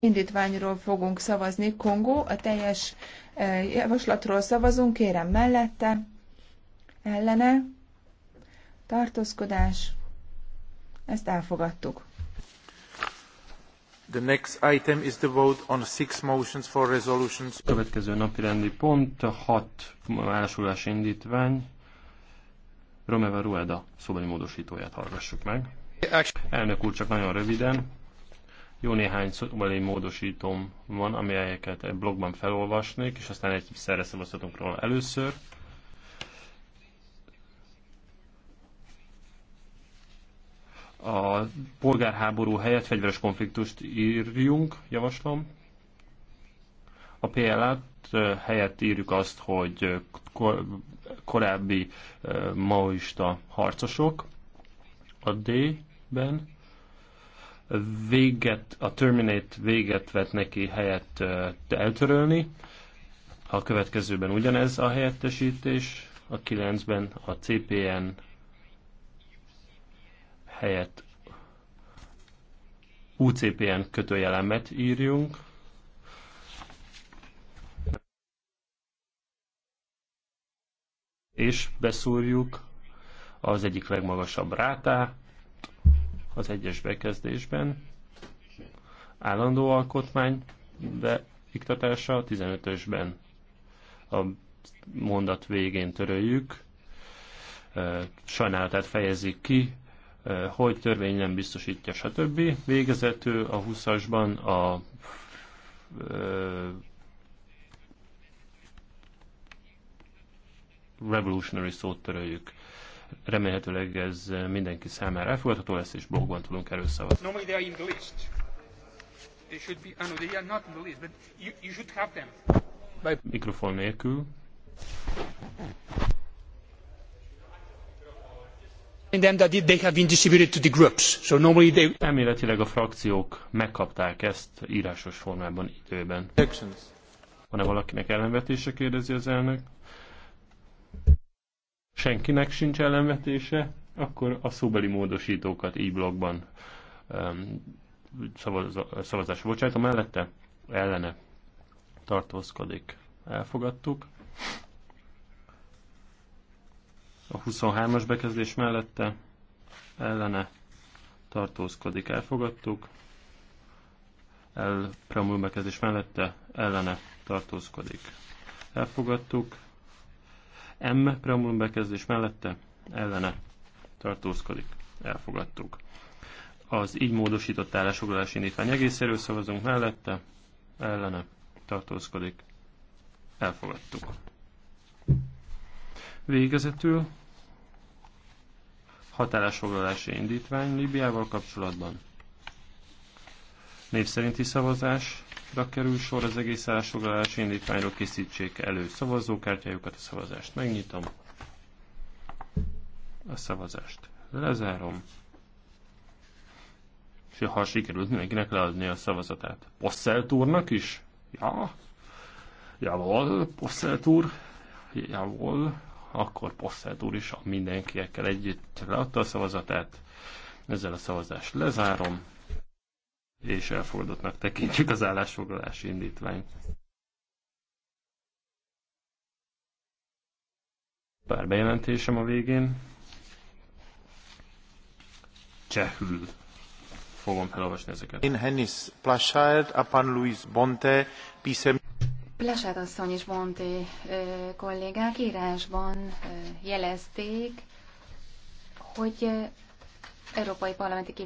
indítványról fogunk szavazni. Kongó, a teljes eh, javaslatról szavazunk, kérem mellette, ellene, tartózkodás, ezt elfogadtuk. The next item is the vote on six motions for resolutions. Következő napi rendi pont, hat állásolás indítvány, Romeva Rueda szóbeli módosítóját hallgassuk meg. Elnök úr, csak nagyon röviden jó néhány szóbeli módosítom van, amelyeket egy blogban felolvasnék, és aztán egy szerre szavazhatunk róla először. A polgárháború helyett fegyveres konfliktust írjunk, javaslom. A PLA-t helyett írjuk azt, hogy korábbi maoista harcosok a D-ben véget, a Terminate véget vet neki helyett eltörölni. A következőben ugyanez a helyettesítés, a 9-ben a CPN helyett UCPN kötőjelemet írjunk. És beszúrjuk az egyik legmagasabb rátá, az egyes bekezdésben. Állandó alkotmány beiktatása a 15-ösben. A mondat végén töröljük. E, sajnálatát fejezik ki, e, hogy törvény nem biztosítja, stb. Végezető a 20-asban a e, revolutionary szót töröljük. Remélhetőleg ez mindenki számára elfogadható lesz, és blogban tudunk erről szavazni. Normally they are in the list. They should be, no, they are not in the list, but you, you should have them. By... Mikrofon nélkül. And then that they have been distributed to the groups. So normally they... Elméletileg a frakciók megkapták ezt írásos formában időben. Van-e valakinek ellenvetése, kérdezi az elnök? senkinek sincs ellenvetése, akkor a szóbeli módosítókat így blogban um, szavaz, szavazásra bocsájtom mellette, ellene tartózkodik. Elfogadtuk. A 23-as bekezdés mellette ellene tartózkodik. Elfogadtuk. El preambul bekezdés mellette ellene tartózkodik. Elfogadtuk. M preambulum bekezdés mellette ellene tartózkodik. Elfogadtuk. Az így módosított állásfoglalási indítvány egészéről szavazunk mellette, ellene tartózkodik. Elfogadtuk. Végezetül hatállásfoglalási indítvány Líbiával kapcsolatban. Név szerinti szavazás, Ra kerül sor az egész állásfoglalás indítványról készítsék elő szavazókártyájukat, a szavazást megnyitom. A szavazást lezárom. És ha sikerült mindenkinek leadni a szavazatát. Posselt úrnak is? Ja. Javol, Posselt úr. Javol. Akkor Posselt úr is a mindenkiekkel együtt leadta a szavazatát. Ezzel a szavazást lezárom és elfordottnak tekintjük az állásfoglalási indítványt. Pár bejelentésem a végén. Csehül fogom felolvasni ezeket. Én Hennis Plashard, Apan Luis Bonte, Pisem... Plashard asszony és Bonte kollégák írásban jelezték, hogy európai parlamenti